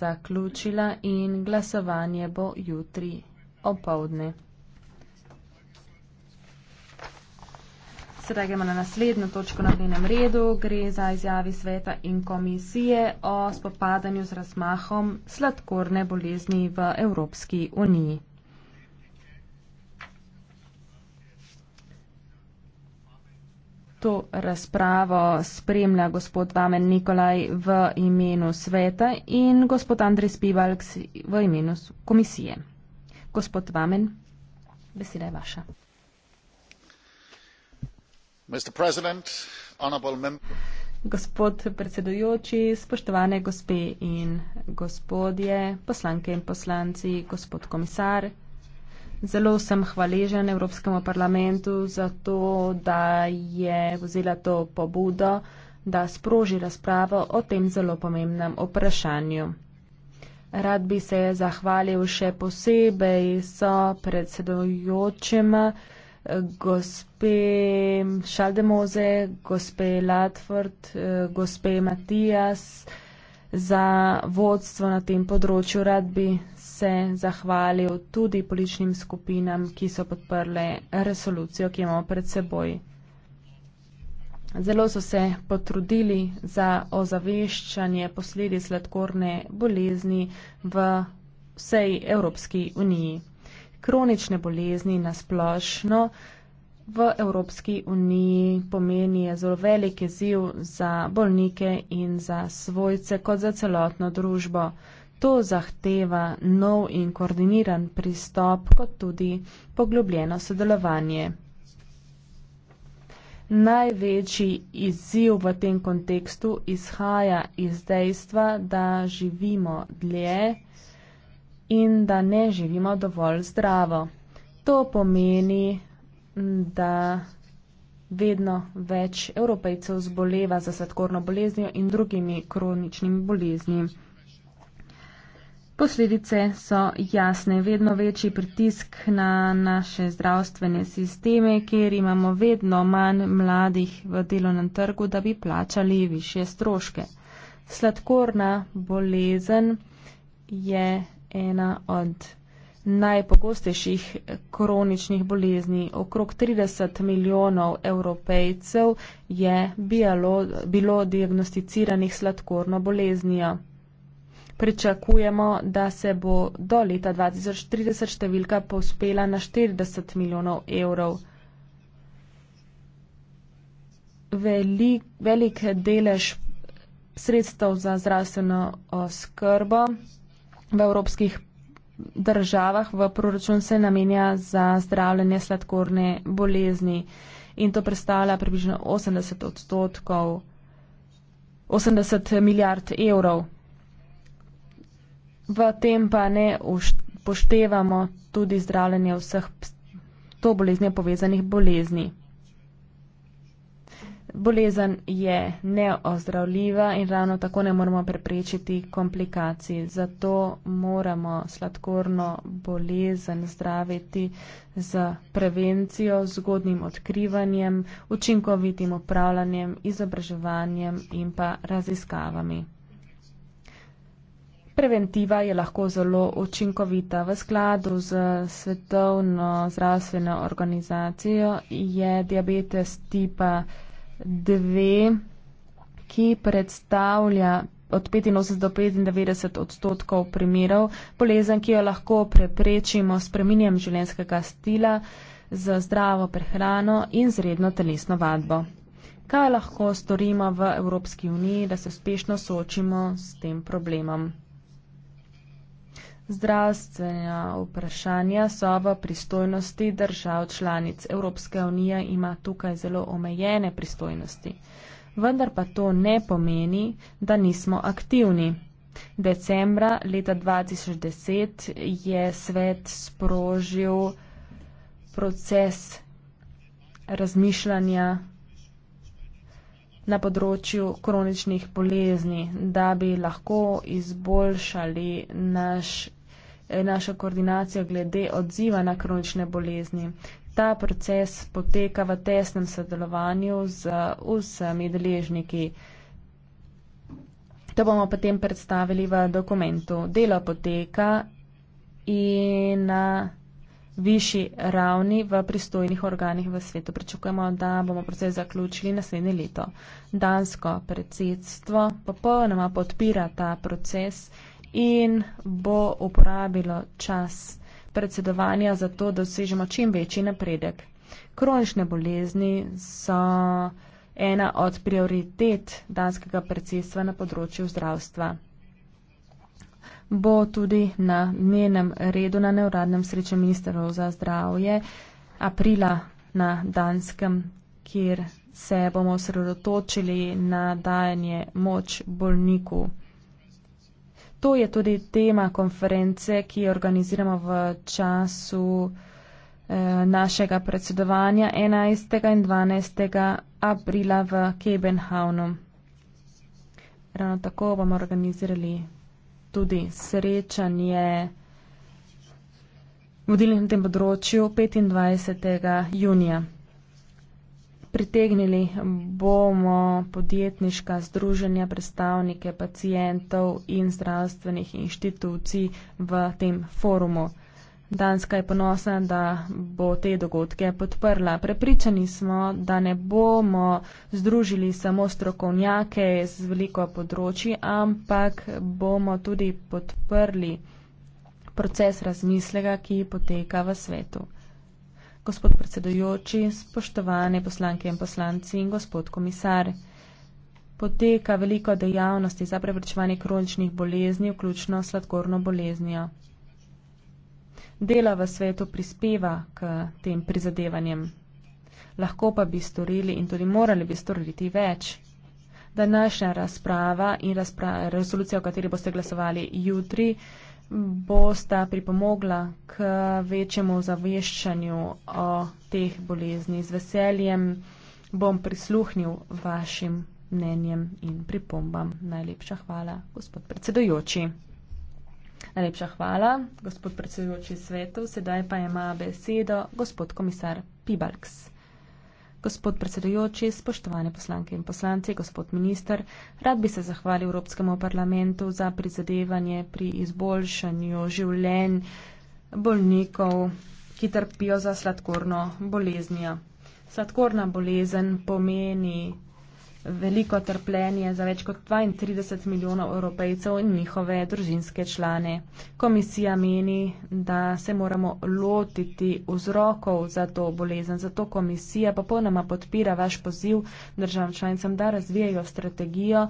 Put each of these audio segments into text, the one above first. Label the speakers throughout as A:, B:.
A: zaključila in glasovanje bo jutri opovdne. Sedaj gremo na naslednjo točko na dnevnem redu. Gre za izjavi sveta in komisije o spopadanju z razmahom sladkorne bolezni v Evropski uniji. To razpravo spremlja gospod Vamen Nikolaj v imenu sveta in gospod Andres Pivalks v imenu komisije. Gospod Vamen, beseda je vaša. Gospod predsedujoči, spoštovane gospe in gospodje, poslanke in poslanci, gospod komisar, Zelo sem hvaležen Evropskemu parlamentu za to, da je vzela to pobudo, da sproži razpravo o tem zelo pomembnem vprašanju. Rad bi se zahvalil še posebej so predsedujočima gospe Šaldemoze, gospe Latford, gospe Matijas za vodstvo na tem področju. Rad bi se zahvalil tudi političnim skupinam, ki so podprle resolucijo, ki imamo pred seboj. Zelo so se potrudili za ozaveščanje posledic sladkorne bolezni v vsej Evropski uniji. Kronične bolezni nasplošno v Evropski uniji pomeni zelo velik izziv za bolnike in za svojce kot za celotno družbo. To zahteva nov in koordiniran pristop, kot tudi poglobljeno sodelovanje. Največji izziv v tem kontekstu izhaja iz dejstva, da živimo dlje in da ne živimo dovolj zdravo. To pomeni, da vedno več evropejcev zboleva za sladkorno boleznijo in drugimi kroničnimi boleznimi. Posledice so jasne, vedno večji pritisk na naše zdravstvene sisteme, kjer imamo vedno manj mladih v delovnem trgu, da bi plačali više stroške. Sladkorna bolezen je ena od najpogostejših kroničnih bolezni. Okrog 30 milijonov evropejcev je bilo diagnosticiranih sladkorno boleznijo pričakujemo, da se bo do leta 2030 številka povspela na 40 milijonov evrov. Velik, velik delež sredstev za zdravstveno oskrbo v evropskih državah v proračun se namenja za zdravljenje sladkorne bolezni in to predstavlja približno 80 odstotkov, 80 milijard evrov v tem pa ne poštevamo tudi zdravljenje vseh to boleznijo povezanih bolezni. Bolezen je neozdravljiva in ravno tako ne moremo preprečiti komplikacij. Zato moramo sladkorno bolezen zdraviti z prevencijo, zgodnim odkrivanjem, učinkovitim upravljanjem, izobraževanjem in pa raziskavami preventiva je lahko zelo učinkovita. V skladu z Svetovno zdravstveno organizacijo je diabetes tipa 2, ki predstavlja od 85 do 95 odstotkov primerov bolezen, ki jo lahko preprečimo s preminjem življenjskega stila, z zdravo prehrano in z redno telesno vadbo. Kaj lahko storimo v Evropski uniji, da se uspešno soočimo s tem problemom? Zdravstvena vprašanja so v pristojnosti držav članic. Evropska unija ima tukaj zelo omejene pristojnosti. Vendar pa to ne pomeni, da nismo aktivni. Decembra leta 2010 je svet sprožil proces razmišljanja na področju kroničnih bolezni, da bi lahko izboljšali naš Eh, naša koordinacija glede odziva na kronične bolezni. Ta proces poteka v tesnem sodelovanju z vsemi deležniki. To bomo potem predstavili v dokumentu. Delo poteka in na višji ravni v pristojnih organih v svetu. Pričakujemo, da bomo proces zaključili naslednje leto. Dansko predsedstvo popolnoma podpira ta proces in bo uporabilo čas predsedovanja za to, da dosežemo čim večji napredek. Kronične bolezni so ena od prioritet danskega predsedstva na področju zdravstva. Bo tudi na njenem redu na neuradnem srečem ministrov za zdravje aprila na danskem, kjer se bomo osredotočili na dajanje moč bolniku. To je tudi tema konference, ki jo organiziramo v času eh, našega predsedovanja 11. in 12. aprila v Kebenhavnu. Ravno tako bomo organizirali tudi srečanje vodilnih na tem področju 25. junija pritegnili bomo podjetniška združenja, predstavnike pacijentov in zdravstvenih inštitucij v tem forumu. Danska je ponosna, da bo te dogodke podprla. Prepričani smo, da ne bomo združili samo strokovnjake z veliko področji, ampak bomo tudi podprli proces razmislega, ki poteka v svetu. Gospod predsedujoči, spoštovane poslanke in poslanci in gospod komisar. Poteka veliko dejavnosti za preprečevanje kroničnih bolezni, vključno sladkorno boleznijo. Dela v svetu prispeva k tem prizadevanjem. Lahko pa bi storili in tudi morali bi storiti več. Današnja razprava in razpra rezolucija, o kateri boste glasovali jutri, bosta pripomogla k večjemu zaveščanju o teh bolezni. Z veseljem bom prisluhnil vašim mnenjem in pripombam. Najlepša hvala, gospod predsedujoči. Najlepša hvala, gospod predsedujoči svetov. Sedaj pa ima besedo gospod komisar Pibalks. Gospod predsedujoči, spoštovane poslanke in poslanci, gospod minister, rad bi se zahvalil Evropskemu parlamentu za prizadevanje pri izboljšanju življenj bolnikov, ki trpijo za sladkorno boleznijo. Sladkorna bolezen pomeni veliko trpljenje za več kot 32 milijonov evropejcev in njihove družinske člane. Komisija meni, da se moramo lotiti vzrokov za to bolezen, zato komisija popolnoma podpira vaš poziv državam članicam, da razvijajo strategijo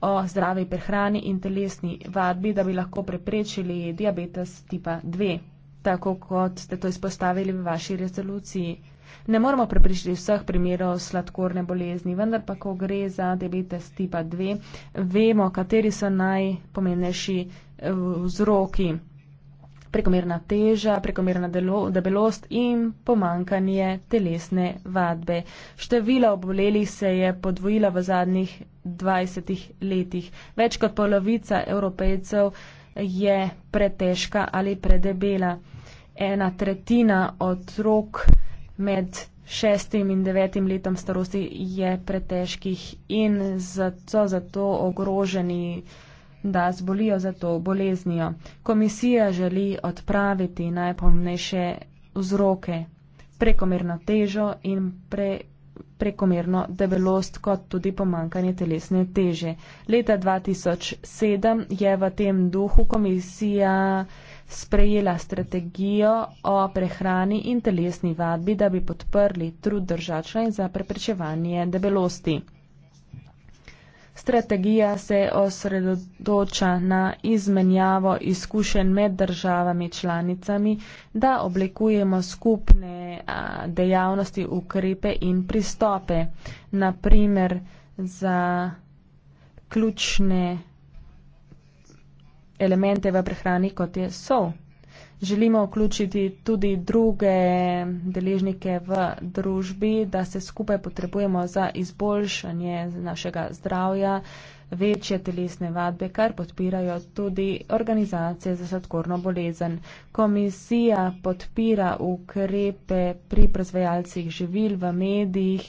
A: o zdravi prehrani in telesni vadbi, da bi lahko preprečili diabetes tipa 2, tako kot ste to izpostavili v vaši rezoluciji ne moremo prepričati vseh primerov sladkorne bolezni, vendar pa, ko gre za diabetes tipa 2, vemo, kateri so najpomembnejši eh, vzroki. Prekomerna teža, prekomerna delo, debelost in pomankanje telesne vadbe. Število obolelih se je podvojilo v zadnjih 20 letih. Več kot polovica evropejcev je pretežka ali predebela. Ena tretjina otrok med šestim in devetim letom starosti je pretežkih in so zato ogroženi, da zbolijo za to boleznijo. Komisija želi odpraviti najpomnejše vzroke, prekomerno težo in pre prekomerno debelost, kot tudi pomankanje telesne teže. Leta 2007 je v tem duhu komisija sprejela strategijo o prehrani in telesni vadbi, da bi podprli trud držača in za preprečevanje debelosti. Strategija se osredotoča na izmenjavo izkušenj med državami članicami, da oblikujemo skupne dejavnosti, ukrepe in pristope, naprimer za ključne elemente v prehrani, kot je sol. Želimo vključiti tudi druge deležnike v družbi, da se skupaj potrebujemo za izboljšanje našega zdravja, večje telesne vadbe, kar podpirajo tudi organizacije za sladkorno bolezen. Komisija podpira ukrepe pri proizvajalcih živil v medijih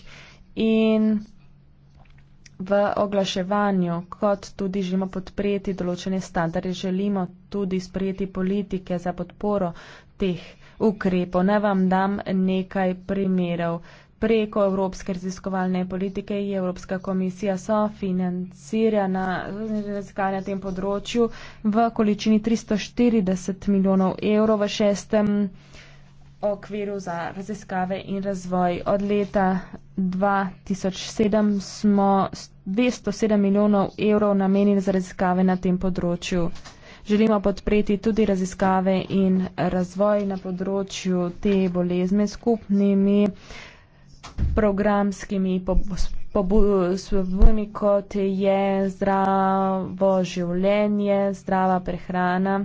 A: in v oglaševanju, kot tudi želimo podpreti določene standarde, želimo tudi sprejeti politike za podporo teh ukrepov. Naj vam dam nekaj primerov. Preko Evropske raziskovalne politike je Evropska komisija sofinancirana raziskanja na tem področju v količini 340 milijonov evrov v šestem okviru za raziskave in razvoj. Od leta 2007 smo 207 milijonov evrov namenili za raziskave na tem področju. Želimo podpreti tudi raziskave in razvoj na področju te bolezni skupnimi programskimi pobudami, kot je zdravo življenje, zdrava prehrana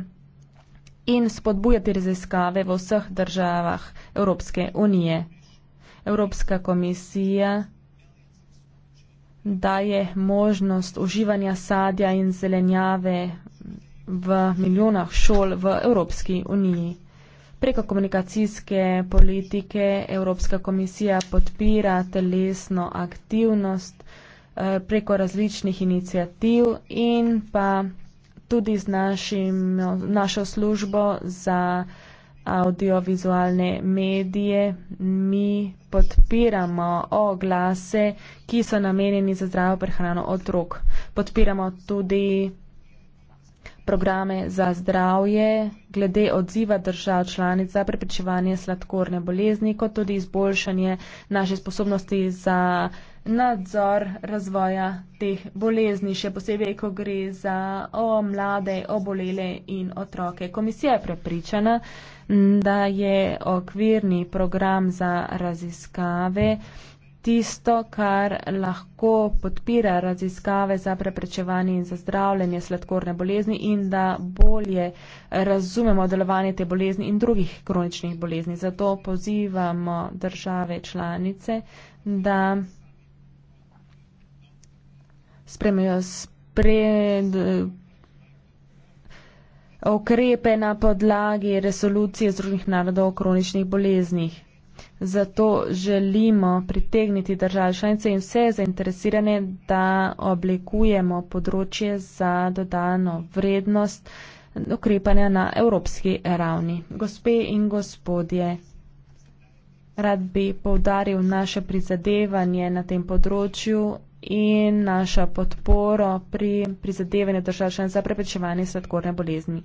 A: in spodbujati raziskave v vseh državah Evropske unije. Evropska komisija daje možnost uživanja sadja in zelenjave v milijonah šol v Evropski uniji. Preko komunikacijske politike Evropska komisija podpira telesno aktivnost eh, preko različnih inicijativ in pa tudi z našim, našo službo za audiovizualne medije. Mi podpiramo oglase, ki so namenjeni za zdravo prehrano otrok. Podpiramo tudi programe za zdravje, glede odziva držav članic za preprečevanje sladkorne bolezni, kot tudi izboljšanje naše sposobnosti za nadzor razvoja teh bolezni, še posebej, ko gre za o mlade, obolele in otroke. Komisija je prepričana, da je okvirni program za raziskave tisto, kar lahko podpira raziskave za preprečevanje in zazdravljanje sladkorne bolezni in da bolje razumemo delovanje te bolezni in drugih kroničnih bolezni. Zato pozivamo države članice, da spremljajo spred eh, okrepe na podlagi resolucije Združenih narodov o kroničnih boleznih. Zato želimo pritegniti države članice in vse zainteresirane, da oblikujemo področje za dodano vrednost ukrepanja na evropski ravni. Gospe in gospodje, rad bi povdaril naše prizadevanje na tem področju in našo podporo pri prizadevanju držav članic za preprečevanje sladkorne bolezni.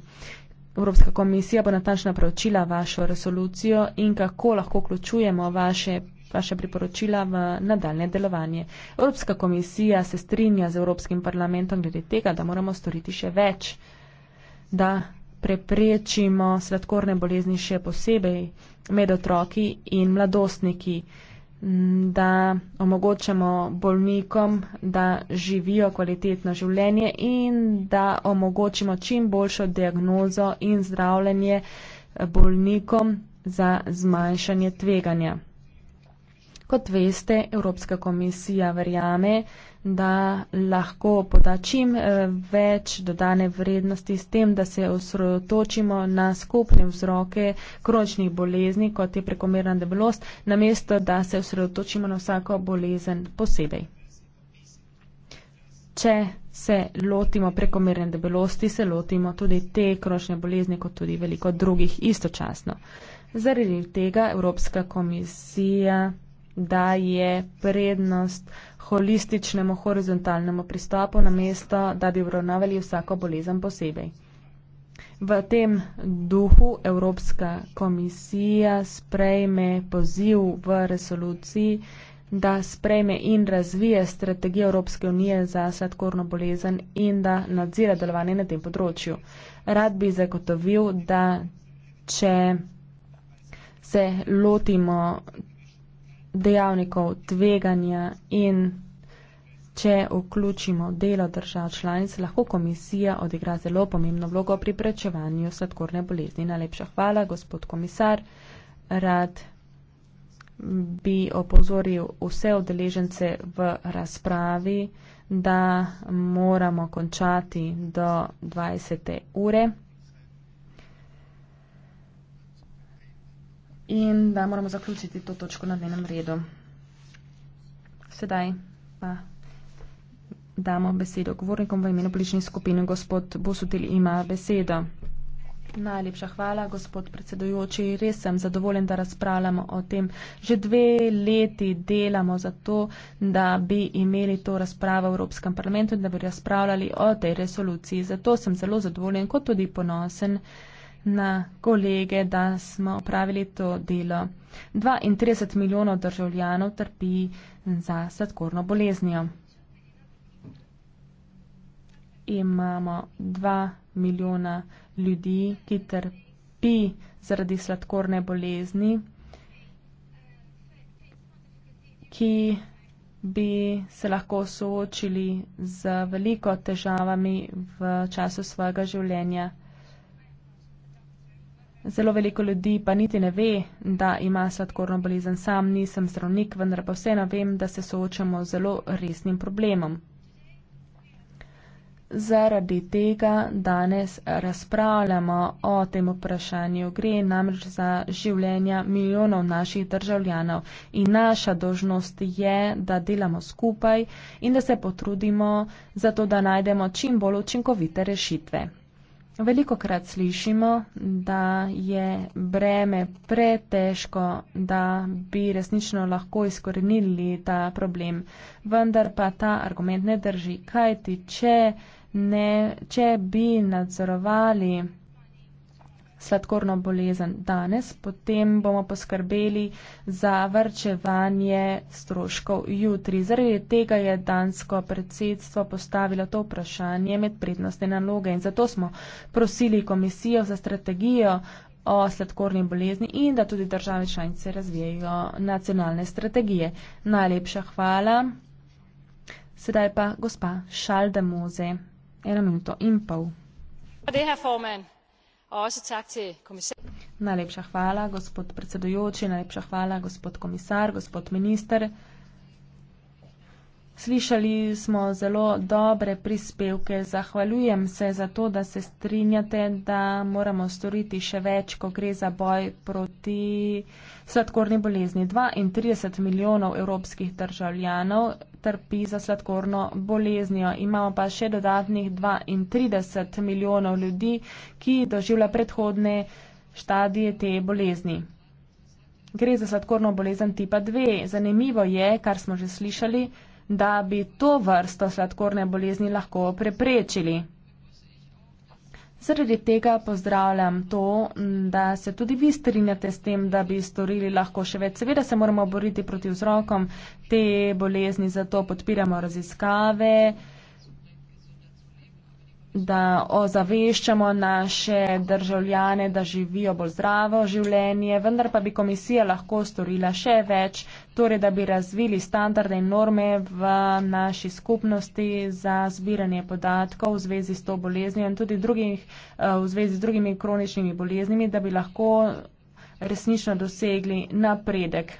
A: Evropska komisija bo natančno preučila vašo resolucijo in kako lahko vključujemo vaše, vaše priporočila v nadaljne delovanje. Evropska komisija se strinja z Evropskim parlamentom glede tega, da moramo storiti še več, da preprečimo sladkorne bolezni še posebej med otroki in mladostniki da omogočamo bolnikom, da živijo kvalitetno življenje in da omogočimo čim boljšo diagnozo in zdravljenje eh, bolnikom za zmanjšanje tveganja. Kot veste, Evropska komisija verjame, da lahko poda čim eh, več dodane vrednosti s tem, da se osredotočimo na skupne vzroke kroničnih bolezni, kot je prekomerna debelost, namesto, da se osredotočimo na vsako bolezen posebej. Če se lotimo prekomerne debelosti, se lotimo tudi te kronične bolezni, kot tudi veliko drugih istočasno. Zaradi tega Evropska komisija da je prednost holističnemu horizontalnemu pristopu na mesto, da bi obravnavali vsako bolezen posebej. V tem duhu Evropska komisija sprejme poziv v resoluciji, da sprejme in razvije strategijo Evropske unije za sladkorno bolezen in da nadzira delovanje na tem področju. Rad bi zagotovil, da če se lotimo dejavnikov tveganja in če vključimo delo držav članic, lahko komisija odigra zelo pomembno vlogo pri prečevanju sladkorne bolezni. Najlepša hvala, gospod komisar. Rad bi opozoril vse odeležence v razpravi, da moramo končati do 20. ure. in da moramo zaključiti to točko na dnevnem redu. Sedaj pa damo besedo govornikom v imenu politične skupine. Gospod Bosutil ima besedo. Najlepša hvala, gospod predsedujoči. Res sem zadovoljen, da razpravljamo o tem. Že dve leti delamo za to, da bi imeli to razpravo v Evropskem parlamentu in da bi razpravljali o tej resoluciji. Zato sem zelo zadovoljen, kot tudi ponosen, na kolege, da smo opravili to delo. 32 milijonov državljanov trpi za sladkorno boleznijo. Imamo 2 milijona ljudi, ki trpi zaradi sladkorne bolezni, ki bi se lahko soočili z veliko težavami v času svojega življenja. Zelo veliko ljudi pa niti ne ve, da ima sladkorno bolezen. Sam nisem zdravnik, vendar pa vseeno vem, da se soočamo z zelo resnim problemom. Zaradi tega danes razpravljamo o tem vprašanju. Gre namreč za življenja milijonov naših državljanov in naša dožnost je, da delamo skupaj in da se potrudimo za to, da najdemo čim bolj učinkovite rešitve. Veliko krat slišimo, da je breme pretežko, da bi resnično lahko izkorenili ta problem. Vendar pa ta argument ne drži. Kajti, če, ne, če bi nadzorovali sladkorno bolezen danes, potem bomo poskrbeli za vrčevanje stroškov jutri. Zaradi tega je dansko predsedstvo postavilo to vprašanje med prednostne naloge in zato smo prosili komisijo za strategijo o sladkorni bolezni in da tudi države članice razvijajo nacionalne strategije. Najlepša hvala. Sedaj pa gospa Šalde Moze. Eno minuto in pol.
B: Det her formand.
A: Najlepša hvala, gospod predsedujoči, najlepša hvala, gospod komisar, gospod minister. Slišali smo zelo dobre prispevke. Zahvaljujem se za to, da se strinjate, da moramo storiti še več, ko gre za boj proti sladkorni bolezni. 32 milijonov evropskih državljanov trpi za sladkorno boleznijo. Imamo pa še dodatnih 32 milijonov ljudi, ki doživlja predhodne štadije te bolezni. Gre za sladkorno bolezen tipa 2. Zanimivo je, kar smo že slišali, da bi to vrsto sladkorne bolezni lahko preprečili. Zaradi tega pozdravljam to, da se tudi vi strinjate s tem, da bi storili lahko še več. Seveda se moramo boriti proti vzrokom te bolezni, zato podpiramo raziskave da ozaveščamo naše državljane, da živijo bolj zdravo življenje, vendar pa bi komisija lahko storila še več, torej da bi razvili standarde in norme v naši skupnosti za zbiranje podatkov v zvezi s to boleznijo in tudi drugih, eh, v zvezi z drugimi kroničnimi boleznimi, da bi lahko resnično dosegli napredek.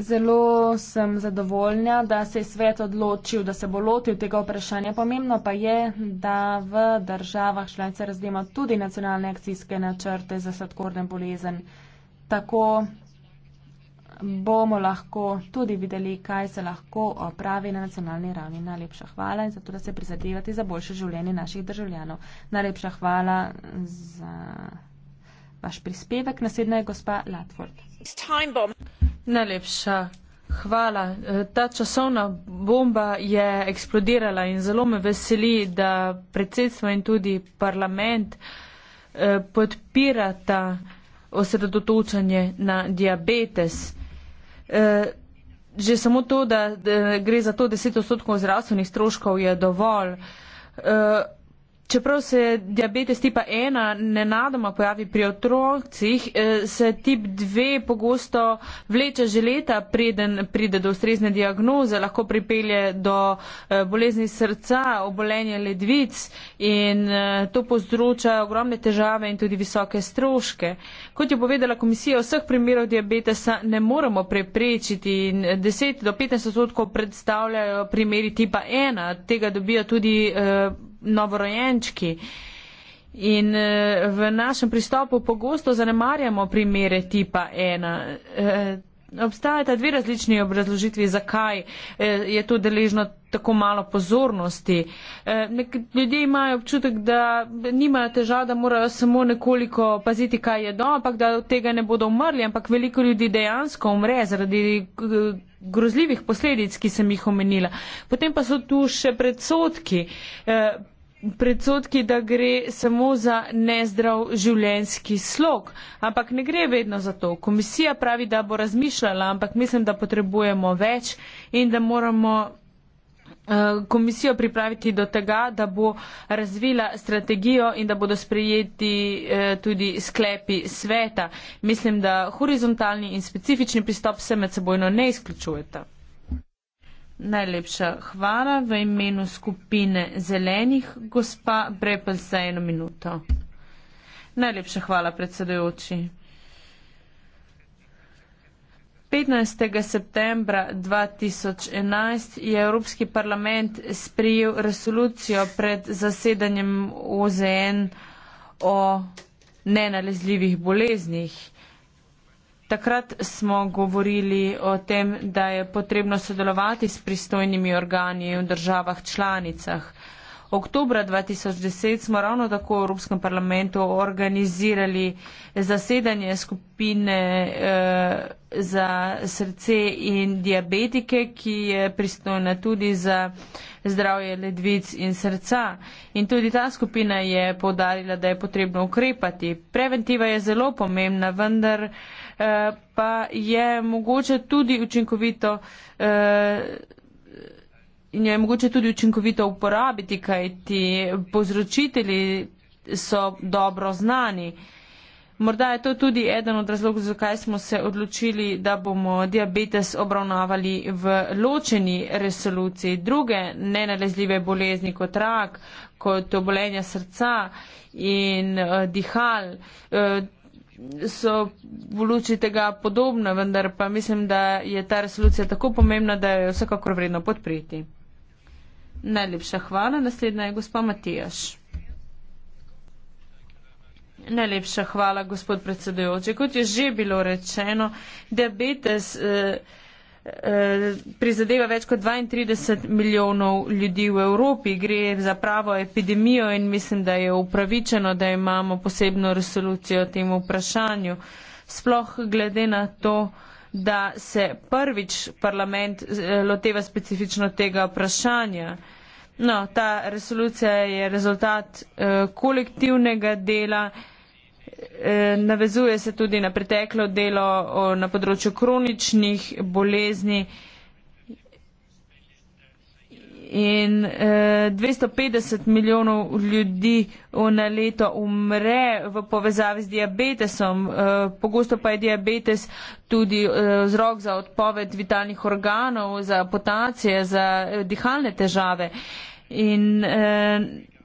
A: Zelo sem zadovoljna, da se je svet odločil, da se bo lotil tega vprašanja. Pomembno pa je, da v državah članice razdema tudi nacionalne akcijske načrte za sladkorne bolezen. Tako bomo lahko tudi videli, kaj se lahko opravi na nacionalni ravni. Najlepša hvala in zato, da se prizadevate za boljše življenje naših državljanov. Najlepša hvala za. Vaš prispevek naslednja je gospa Latford.
B: Najlepša hvala. E, ta časovna bomba je eksplodirala in zelo me veseli, da predsedstvo in tudi parlament e, podpirata osredotočanje na diabetes. E, že samo to, da gre za to 10 odstotkov zdravstvenih stroškov, je dovolj. Čeprav se diabetes tipa 1 nenadoma pojavi pri otrocih, eh, se tip 2 pogosto vleče že leta, preden pride do ustrezne diagnoze, lahko pripelje do eh, bolezni srca, obolenja ledvic in eh, to povzroča ogromne težave in tudi visoke stroške. Kot je povedala komisija, vseh primerov diabetesa ne moramo preprečiti in 10 do 15 odstotkov predstavljajo primeri tipa 1, tega dobijo tudi novorojenčki. In eh, v našem pristopu pogosto zanemarjamo primere tipa 1. Eh, obstajata dve različni obrazložitvi, zakaj eh, je to deležno tako malo pozornosti. Ljudje imajo občutek, da nimajo težav, da morajo samo nekoliko paziti, kaj je doma, ampak da od tega ne bodo umrli, ampak veliko ljudi dejansko umre zaradi grozljivih posledic, ki sem jih omenila. Potem pa so tu še predsotki. Eh, predsotki, da gre samo za nezdrav življenski slog, ampak ne gre vedno za to. Komisija pravi, da bo razmišljala, ampak mislim, da potrebujemo več in da moramo Eh, komisijo pripraviti do tega, da bo razvila strategijo in da bodo sprejeti eh, tudi sklepi sveta. Mislim, da horizontalni in specifični pristop se med sebojno ne izključujete. Najlepša hvala v imenu skupine zelenih, gospa Brepel za eno minuto. Najlepša hvala predsedujoči. 15. septembra 2011 je Evropski parlament sprijel resolucijo pred zasedanjem OZN o nenalezljivih boleznih. Takrat smo govorili o tem, da je potrebno sodelovati s pristojnimi organi v državah članicah. Oktobra 2010 smo ravno tako v Evropskem parlamentu organizirali zasedanje skupine eh, za srce in diabetike, ki je pristojna tudi za zdravje ledvic in srca. In tudi ta skupina je podarila, da je potrebno ukrepati. Preventiva je zelo pomembna, vendar eh, pa je mogoče tudi učinkovito. Eh, in jo je mogoče tudi učinkovito uporabiti, kaj ti povzročitelji so dobro znani. Morda je to tudi eden od razlogov, zakaj smo se odločili, da bomo diabetes obravnavali v ločeni resoluciji. Druge nenalezljive bolezni kot rak, kot obolenja srca in uh, dihal uh, so v luči tega podobne, vendar pa mislim, da je ta resolucija tako pomembna, da jo je vsekakor vredno podpreti. Najlepša hvala. Naslednja je gospod Matijaš. Najlepša hvala, gospod predsedujoči. Kot je že bilo rečeno, diabetes. Eh, eh prizadeva več kot 32 milijonov ljudi v Evropi. Gre za pravo epidemijo in mislim, da je upravičeno, da imamo posebno resolucijo o tem vprašanju. Sploh glede na to, eh, da se prvič parlament eh, loteva specifično tega vprašanja. No, ta resolucija je rezultat eh, kolektivnega dela, eh, navezuje se tudi na preteklo delo o, na področju kroničnih bolezni. Eh, in eh, 250 milijonov ljudi na leto umre v povezavi z diabetesom. Eh, pogosto pa je diabetes tudi eh, vzrok za odpoved vitalnih organov, za potacije, za eh, dihalne težave. In, eh,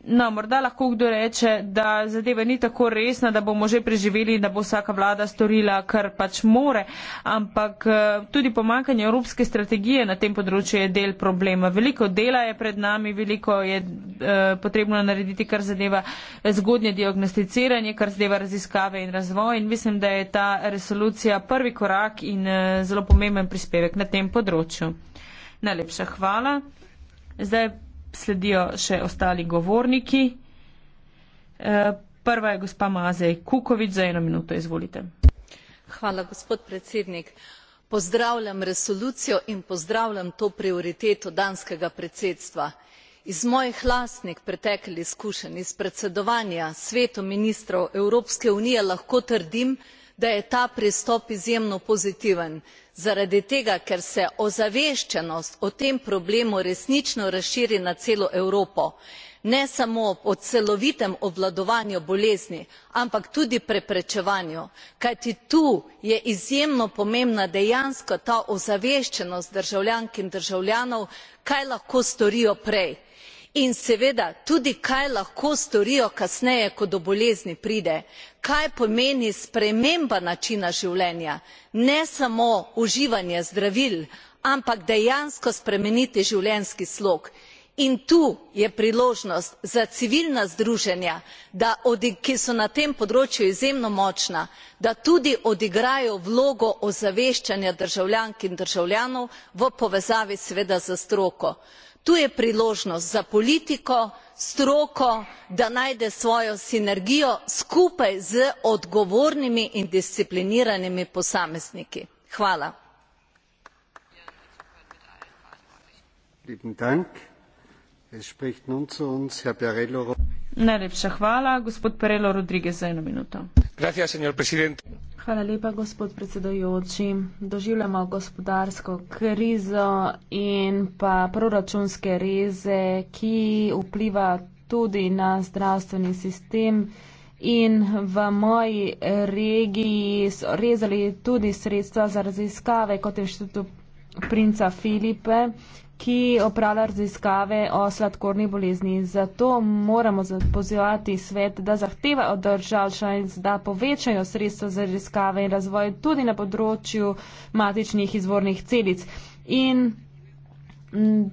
B: No, morda lahko kdo reče, da zadeva ni tako resna, da bomo že preživeli in da bo vsaka vlada storila, kar pač more, ampak eh, tudi pomankanje evropske strategije na tem področju je del problema. Veliko dela je pred nami, veliko je eh, potrebno narediti, kar zadeva eh, zgodnje diagnosticiranje, kar zadeva raziskave in razvoj in mislim, da je ta resolucija prvi korak in eh, zelo pomemben prispevek na tem področju. Najlepša hvala. Zdaj sledijo še ostali govorniki. Eh, prva je gospa Mazej Kukovič, za eno minuto izvolite.
C: Hvala, gospod predsednik. Pozdravljam resolucijo in pozdravljam to prioriteto danskega predsedstva. Iz mojih lastnih preteklih izkušenj, iz predsedovanja svetu ministrov Evropske unije lahko trdim, da je ta pristop izjemno pozitiven zaradi tega ker se ozaveščenost o tem problemu resnično razširi na celo evropo ne samo o celovitem obvladovanju bolezni ampak tudi preprečevanju kajti tu je izjemno pomembna dejansko ta ozaveščenost državljank in državljanov kaj lahko storijo prej in seveda tudi kaj lahko storijo kasneje ko do bolezni pride kaj pomeni sprememba načina življenja ne samo uživanje zdravil ampak dejansko spremeniti življenjski slog in tu je priložnost za civilna združenja da ki so na tem področju izjemno močna da tudi odigrajo vlogo ozaveščanja državljank in državljanov v povezavi seveda s stroko tu je priložnost za politiko stroko da najde svojo sinergijo skupaj z odgovornimi in discipliniranimi posamezniki hvala
B: Hvala,
A: gospod predsedujoči. Doživljamo gospodarsko krizo in pa proračunske reze, ki vpliva tudi na zdravstveni sistem. In v moji regiji so rezali tudi sredstva za raziskave kot inštitut princa Filipe ki opravlja raziskave o sladkorni bolezni. Zato moramo pozivati svet, da zahteva od držav članic, da povečajo sredstva za raziskave in razvoj tudi na področju matičnih izvornih celic. In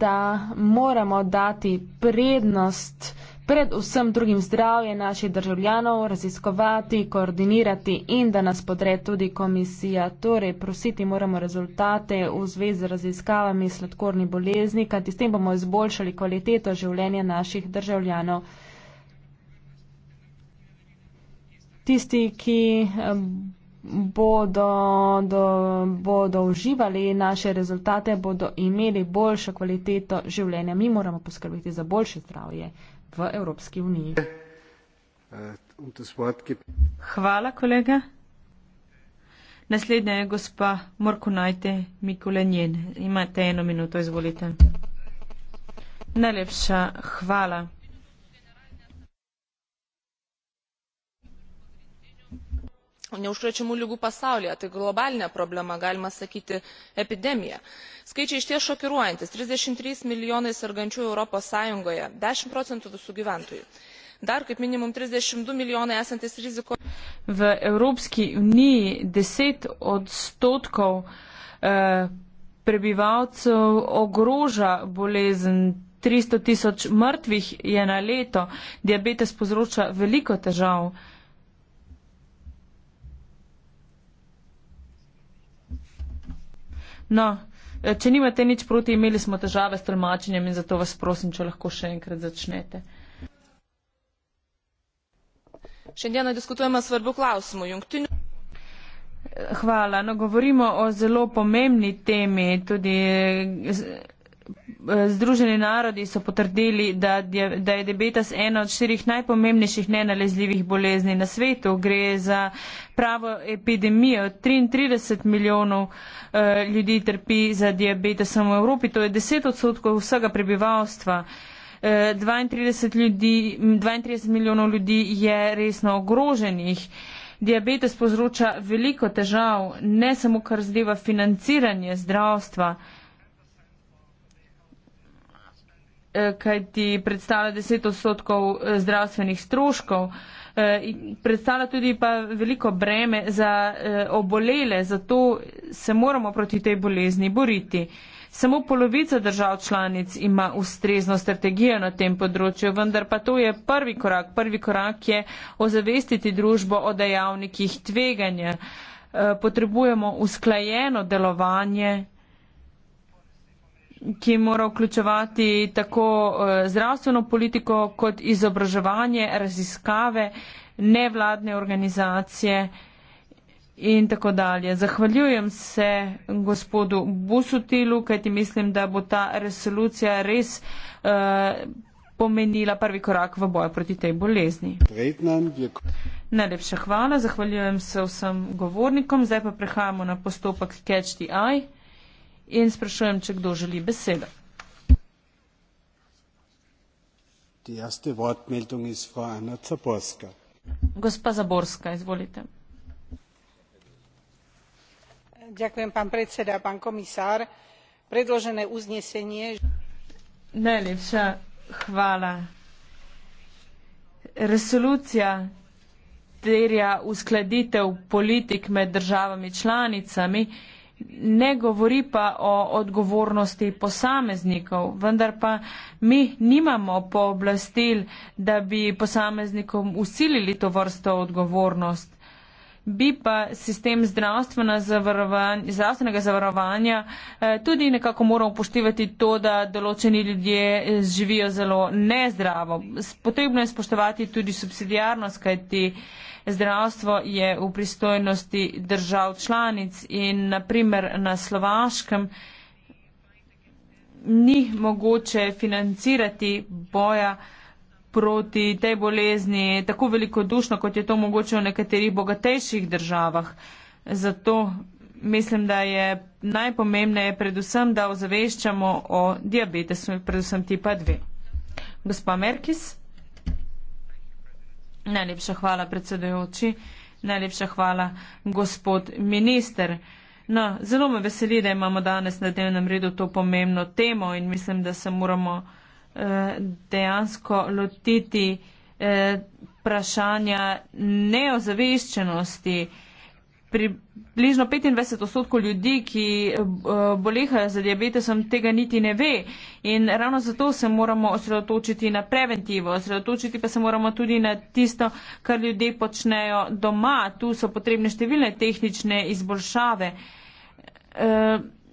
A: da moramo dati prednost pred vsem drugim zdravje naših državljanov raziskovati, koordinirati in da nas podre tudi komisija. Torej, prositi moramo rezultate v zvezi z raziskavami sladkorni bolezni, kajti s tem bomo izboljšali kvaliteto življenja naših državljanov. Tisti, ki eh, bodo, do, bodo uživali naše rezultate, bodo imeli boljšo kvaliteto življenja. Mi moramo poskrbeti za boljše zdravje v Evropski uniji.
D: Hvala,
B: kolega. Naslednja je gospa Morkunajte Mikulenjen. Imate eno minuto, izvolite. Najlepša hvala. neužkrečiamų ligų pasaulyje tai globalinė problema galima sakyti epidemija. skaičiai išties šokiruojantys trisdešimt trys milijonai sergančiųjų europos sąjungoje dešimt procentų visų gyventojų. Dar kaip minimum 32 milijonai esantis riziko. V Evropski uniji 10 odstotkov eh, prebivalcev ogroža bolezen. 300 tisoč mrtvih je na leto. Diabetes povzroča veliko težav. No, eh, če nimate nič proti, imeli smo težave s tolmačenjem in zato vas prosim, če lahko še enkrat začnete. Šendjena diskutujemo s vrbo klausimu. Jungtinu. Eh, hvala. No, govorimo o zelo pomembni temi, tudi Eh, Združeni narodi so potrdili, da, da je diabetes ena od štirih najpomembnejših nenalezljivih bolezni na svetu. Gre za pravo epidemijo. 33 milijonov eh, ljudi trpi za diabetesom v Evropi, to je 10 odstotkov vsega prebivalstva. 32, eh, ljudi, 32 milijonov ljudi je resno ogroženih. Diabetes povzroča veliko težav, ne samo kar zdeva financiranje zdravstva, Eh, kaj ti predstavlja 10 odstotkov eh, zdravstvenih stroškov, eh, predstavlja tudi pa veliko breme za obolele, zato se moramo proti tej bolezni boriti. Samo polovica držav članic ima ustrezno strategijo na tem področju, vendar pa to je prvi korak. Prvi korak je ozavestiti družbo o dejavnikih tveganja. Potrebujemo usklajeno delovanje ki mora vključevati tako eh, zdravstveno politiko kot izobraževanje, raziskave, nevladne organizacije in tako dalje. Zahvaljujem se gospodu Busutilu, kajti mislim, da bo ta resolucija res eh, pomenila prvi korak v boju proti tej bolezni. Najlepša hvala, zahvaljujem se vsem govornikom. Zdaj pa prehajamo na postopek Catch the Eye in sprašujem, če kdo želi besedo.
D: Die erste Wortmeldung ist Frau Anna Zaborska.
B: Gospa Zaborska, izvolite. Ďakujem, pán predseda, pán komisár.
C: Predložené uznesenie...
B: Najlepša hvala. Resolucija terja uskladitev politik med državami članicami, ne govori pa o odgovornosti posameznikov, vendar pa mi nimamo pooblastil, da bi posameznikom usilili to vrsto odgovornost bi pa sistem zdravstvena zavarovan zdravstvenega zavarovanja eh, tudi nekako moral upoštevati to, da določeni ljudje eh, živijo zelo nezdravo. Potrebno je spoštovati tudi subsidijarnost, kajti zdravstvo je v pristojnosti držav članic in naprimer na Slovaškem ni mogoče financirati boja proti tej bolezni tako velikodušno, kot je to mogoče v nekaterih bogatejših državah. Zato mislim, da je najpomembneje predvsem, da ozaveščamo o diabetesu, predvsem tipa 2. Gospa Merkis. Najlepša hvala, predsedujoči. Najlepša hvala, gospod minister. No, zelo me veseli, da imamo danes na dnevnem redu to pomembno temo in mislim, da se moramo. Eh, dejansko lotiti eh, vprašanja neozaveščenosti. Približno 25 odstotkov ljudi, ki eh, bolehajo za diabetesom, tega niti ne ve. In ravno zato se moramo osredotočiti na preventivo, osredotočiti pa se moramo tudi na tisto, kar ljudje počnejo doma. Tu so potrebne številne tehnične izboljšave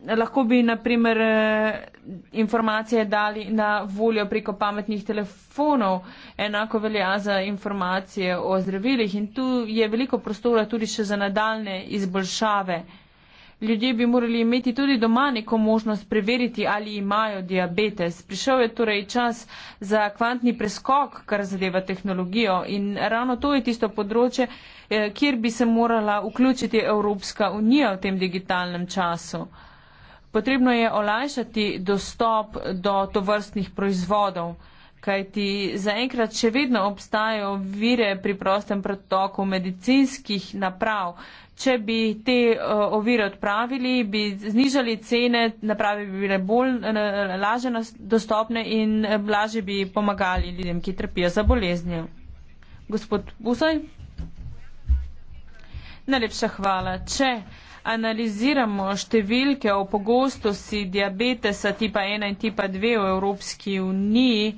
B: lahko bi, na primer, eh, informacije dali na voljo preko pametnih telefonov, enako velja za informacije o zdravilih in tu je veliko prostora tudi še za nadaljne izboljšave. Ljudje bi morali imeti tudi doma neko možnost preveriti, ali imajo diabetes. Prišel je torej čas za kvantni preskok, kar zadeva tehnologijo in ravno to je tisto področje, eh, kjer bi se morala vključiti Evropska unija v tem digitalnem času. Potrebno je olajšati dostop do tovrstnih proizvodov, kajti zaenkrat še vedno obstajajo vire pri prostem pretoku medicinskih naprav. Če bi te eh, ovire odpravili, bi znižali cene, naprave bi bile bolj eh, laže dostopne in eh, laže bi pomagali ljudem, ki trpijo za boleznjo. Gospod Busaj? Najlepša hvala. Če analiziramo številke o pogostosti diabetesa tipa 1 in tipa 2 v Evropski uniji,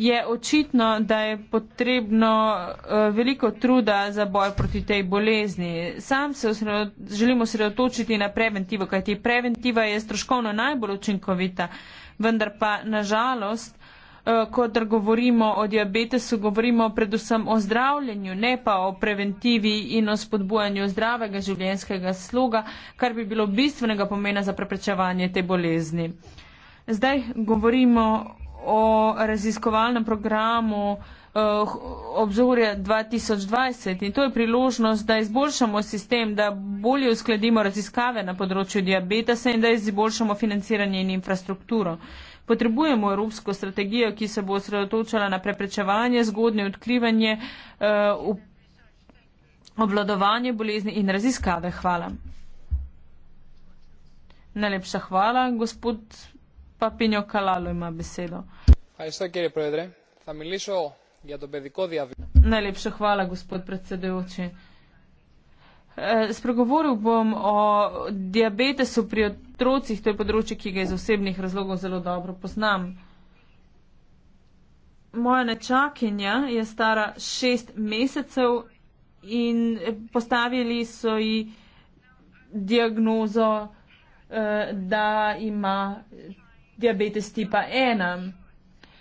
B: je očitno, da je potrebno eh, veliko truda za boj proti tej bolezni. Sam se želimo sredotočiti na preventivo, kajti preventiva je stroškovno najbolj učinkovita, vendar pa nažalost Eh, ko govorimo o diabetesu, govorimo predvsem o zdravljenju, ne pa o preventivi in o spodbujanju zdravega življenjskega sloga, kar bi bilo bistvenega pomena za preprečevanje te bolezni. Zdaj govorimo o raziskovalnem programu eh, obzorja 2020 in to je priložnost, da izboljšamo sistem, da bolje uskladimo raziskave na področju diabetesa in da izboljšamo financiranje in infrastrukturo. Potrebujemo evropsko strategijo, ki se bo osredotočala na preprečevanje, zgodne odkrivanje, uh, obvladovanje bolezni in raziskave. Hvala. Najlepša hvala. Gospod Papinjo Kalalo ima besedo.
C: Ja,
B: ja. Najlepša hvala, gospod predsedujoči. Eh, spregovoril bom o diabetesu pri otrocih, to je področje, ki ga iz osebnih razlogov zelo dobro poznam. Moja nečakinja je stara šest mesecev in postavili so ji diagnozo, eh, da ima diabetes tipa 1.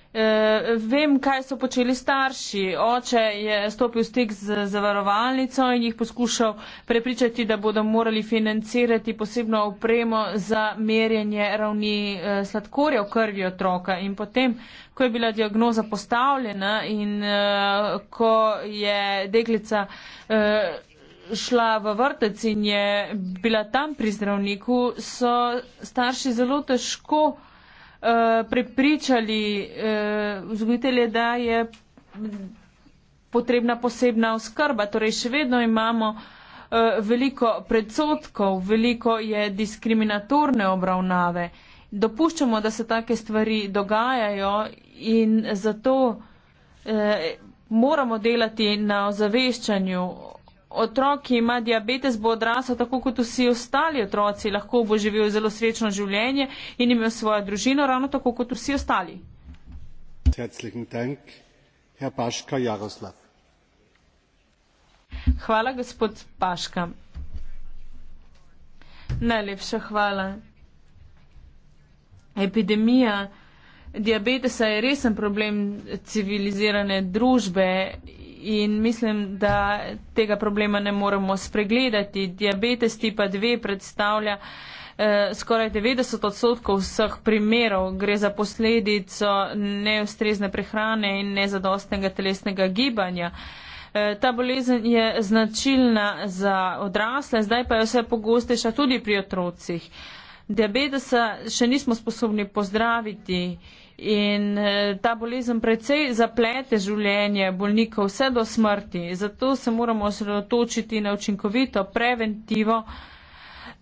B: Uh, vem, kaj so počeli starši. Oče je stopil stik z zavarovalnico in jih poskušal prepričati, da bodo morali financirati posebno opremo za merjenje ravni uh, sladkorja v krvi otroka. In potem, ko je bila diagnoza postavljena in uh, ko je deklica. Uh, šla v vrtec in je bila tam pri zdravniku, so starši zelo težko uh, Eh, prepričali uh, vzgojitelje, da je potrebna posebna oskrba. Torej, še vedno imamo uh, veliko predsotkov, veliko je diskriminatorne obravnave. Dopuščamo, da se take stvari dogajajo in zato eh, moramo delati na ozaveščanju otrok, ki ima diabetes, bo odrasel tako kot vsi ostali otroci, lahko bo živel zelo srečno življenje in imel svojo družino, ravno tako kot vsi ostali. Hvala, gospod Paška. Najlepša hvala. Epidemija diabetesa je resen problem civilizirane družbe in mislim, da tega problema ne moremo spregledati. Diabetes tipa 2 predstavlja eh, skoraj 90 odstotkov vseh primerov. Gre za posledico neustrezne prehrane in nezadostnega telesnega gibanja. Eh, ta bolezen je značilna za odrasle, zdaj pa je vse pogostejša tudi pri otrocih diabetesa še nismo sposobni pozdraviti in eh, ta bolezen precej zaplete življenje bolnikov vse do smrti. Zato se moramo osredotočiti na učinkovito preventivo,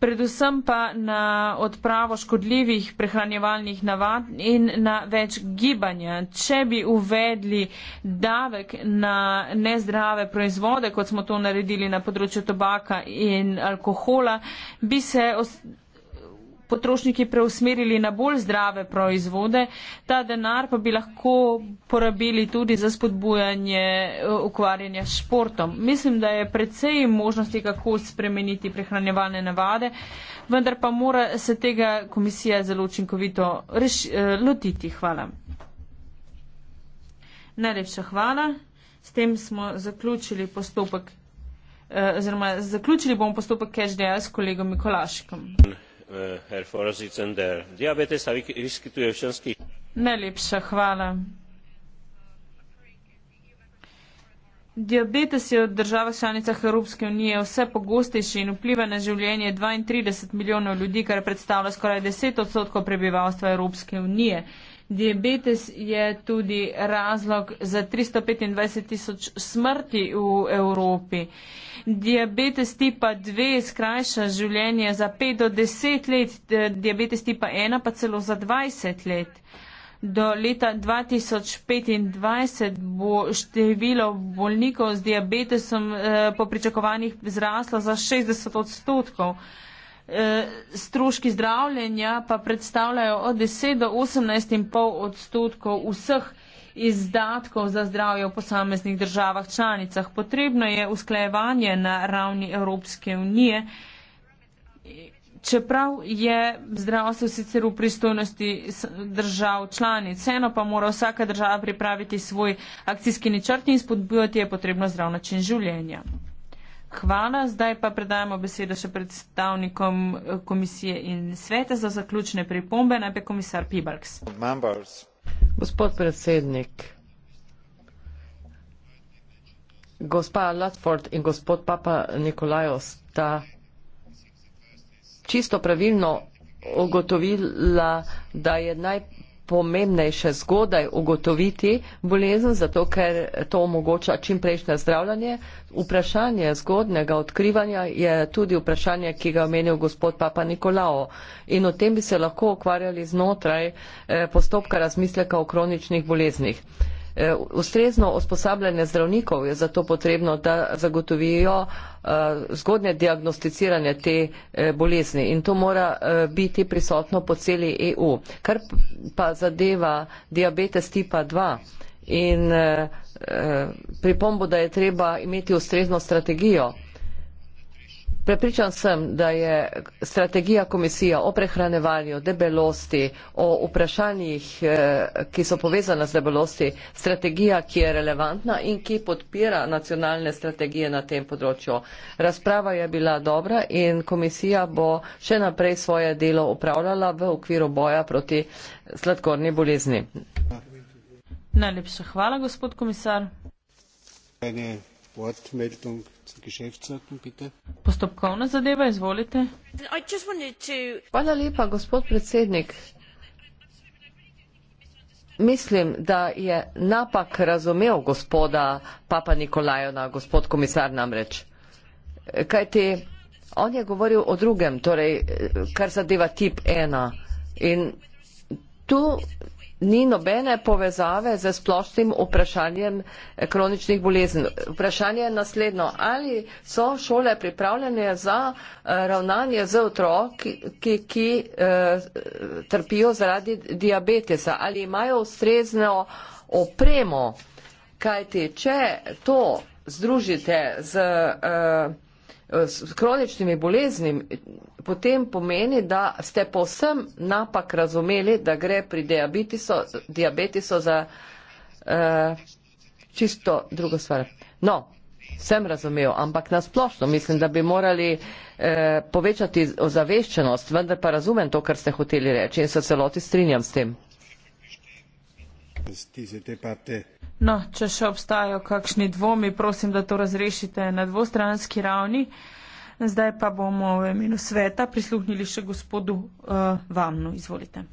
B: predvsem pa na odpravo škodljivih prehranjevalnih navad in na več gibanja. Če bi uvedli davek na nezdrave proizvode, kot smo to naredili na področju tobaka in alkohola, bi se. Os- potrošniki preusmerili na bolj zdrave proizvode, ta denar pa bi lahko porabili tudi za spodbujanje eh, ukvarjanja s športom. Mislim, da je precej možnosti, kako spremeniti prehranjevalne navade, vendar pa mora se tega komisija zelo učinkovito reši, eh, lotiti. Hvala. Najlepša hvala. S tem smo zaključili postopek. Eh, oziroma, zaključili bomo postopek Cash DS s kolegom Mikolaškom.
C: Eh, diabetes sa vyskytuje v členských
B: štátoch. diabetes je v državah članicah európskej únie vse pogostejší in vplýva na življenje dvaintrideset miliónov ľudí kar predstavlja skoraj deset odstotkov prebivalstva európskej únie. Diabetes je tudi razlog za 325 tisoč smrti v Evropi. Diabetes tipa 2 skrajša življenje za 5 do 10 let, diabetes tipa 1 pa celo za 20 let. Do leta 2025 bo število bolnikov z diabetesom eh, po pričakovanjih zraslo za 60 odstotkov. Eh, stroški zdravljenja pa predstavljajo od 10 do 18,5 odstotkov vseh izdatkov za zdravje v posameznih državah članicah. Potrebno je usklajevanje na ravni Evropske unije. Čeprav je zdravstvo sicer v pristojnosti držav članic, eno pa mora vsaka država pripraviti svoj akcijski načrt in spodbujati je potrebno zdrav način življenja. Hvala. Zdaj pa predajamo besedo še predstavnikom eh, komisije in sveta za zaključne pripombe. Najprej komisar Pibarks.
D: Gospod predsednik, gospa Latford in gospod papa Nikolajos sta čisto pravilno ugotovila, da je najprej najpomembnejše zgodaj ugotoviti bolezen, zato ker to omogoča čimprejšnje zdravljanje. Vprašanje zgodnega odkrivanja je tudi vprašanje, ki ga je omenil gospod Papa Nikolao. In o tem bi se lahko ukvarjali znotraj eh, postopka razmisleka o kroničnih boleznih. Eh, ustrezno usposabljanje zdravnikov je zato potrebno, da zagotovijo eh, zgodnje diagnosticiranje te eh, bolezni in to mora biti prisotno po celi EU. Kar pa zadeva diabetes tipa 2 in pripombo, da je treba imeti ustrezno strategijo Prepričan sem, da je strategija komisija o prehranevanju, debelosti, o vprašanjih, eh, ki so povezane z debelosti, strategija, ki je relevantna in ki podpira nacionalne strategije na tem področju. Razprava je bila dobra in komisija bo še naprej svoje delo upravljala v okviru boja proti sladkorni bolezni.
B: Najlepša hvala,
D: gospod komisar. Hvala. Wortmeldung zur Geschäftsordnung, bitte. Postopkovna zadeva, izvolite. Hvala lepa, gospod predsednik. Mislim, da je napak razumel gospoda Papa Nikolajona, gospod komisar namreč. Kaj ti, on je govoril o drugem, torej, kar zadeva tip ena. In tu ni nobene povezave z splošnim vprašanjem eh, kroničnih bolezen. Vprašanje je naslednjo. Ali so šole pripravljene za eh, ravnanje z otroki, ki, ki eh, trpijo zaradi diabetesa? Ali imajo ustrezno opremo? Kajti, če to združite z. Uh, s kroničnimi boleznimi, potem pomeni, da ste povsem napak razumeli, da gre pri diabetiso, diabetiso za uh, čisto drugo stvar. No, sem razumel, ampak nasplošno mislim, da bi morali uh, povečati ozaveščenost, vendar pa razumem to, kar ste hoteli reči in se celoti strinjam s tem.
C: Z tiste te parte.
B: No, če še obstajajo kakšni dvomi, prosim, da to razrešite na dvostranski ravni. Zdaj pa bomo v imenu sveta prisluhnili še gospodu uh, Vamnu.
D: Izvolite.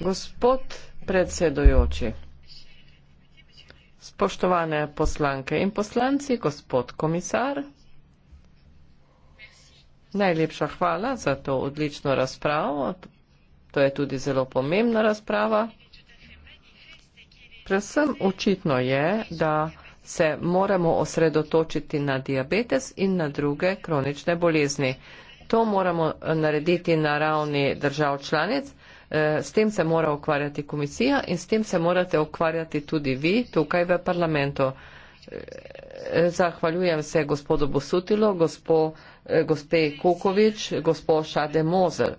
D: Gospod predsedujoči, spoštovane poslanke in poslanci, gospod komisar, najlepša hvala za to odlično razpravo, To je tudi zelo pomembna razprava. Predvsem očitno je, da se moramo osredotočiti na diabetes in na druge kronične bolezni. To moramo eh, narediti na ravni držav članic, eh, s tem se mora ukvarjati komisija in s tem se morate ukvarjati tudi vi tukaj v parlamentu. Eh, zahvaljujem se gospodu Bosutilo, gospe Kukovič, gospod Šade Mozel.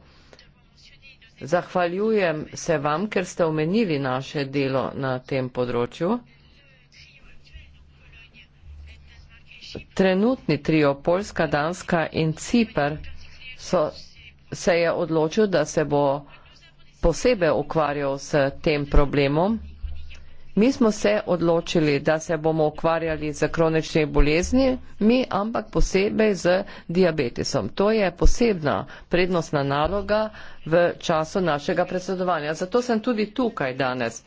D: Zahvaljujem se vam, ker ste omenili naše delo na tem področju. Trenutni trio Poljska, Danska in Cipr so, se je odločil, da se bo posebej ukvarjal s tem problemom. Mi smo se odločili, da se bomo ukvarjali z kronični bolezni, mi ampak posebej z diabetesom. To je posebna prednostna naloga v času našega predsedovanja. Zato sem tudi tukaj danes.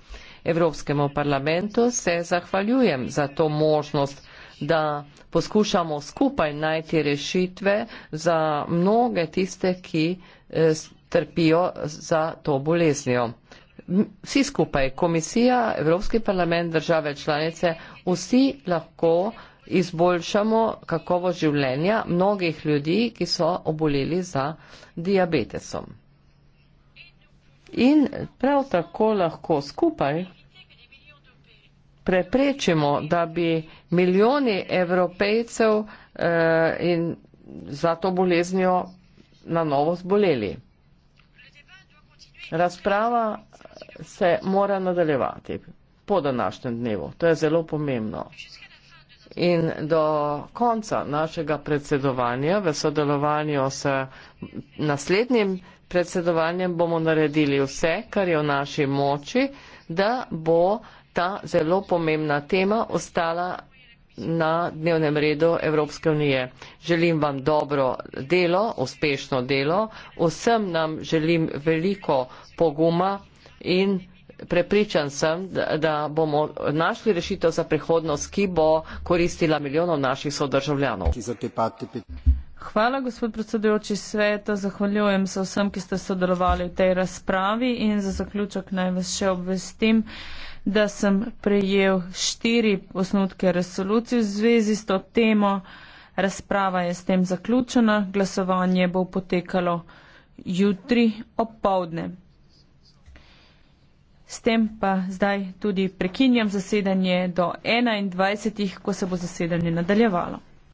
D: Evropskemu parlamentu se zahvaljujem za to možnost, da poskušamo skupaj najti rešitve za mnoge tiste, ki eh, trpijo za to boleznijo vsi skupaj, komisija, Evropski parlament, države članice, vsi lahko izboljšamo kakovo življenja mnogih ljudi, ki so obolili za diabetesom. In prav tako lahko skupaj preprečimo, da bi milijoni evropejcev eh, in za to boleznjo na novo zboleli. Razprava se mora nadaljevati po današnjem dnevu. To je zelo pomembno. In do konca našega predsedovanja v sodelovanju s naslednjim predsedovanjem bomo naredili vse, kar je v naši moči, da bo ta zelo pomembna tema ostala na dnevnem redu Evropske unije. Želim vam dobro delo, uspešno delo, vsem nam želim veliko poguma, in prepričan sem, da bomo našli rešitev za prihodnost, ki bo koristila milijonov naših sodržavljanov. Hvala, gospod
B: predsedujoči sveta. Zahvaljujem se vsem, ki ste sodelovali v tej razpravi in za zaključek naj vas še obvestim da sem prejel štiri osnutke resolucij v zvezi s to temo. Razprava je s tem zaključena. Glasovanje bo potekalo jutri opovdne. S tem pa zdaj tudi prekinjam zasedanje do 21, ko se bo zasedanje nadaljevalo.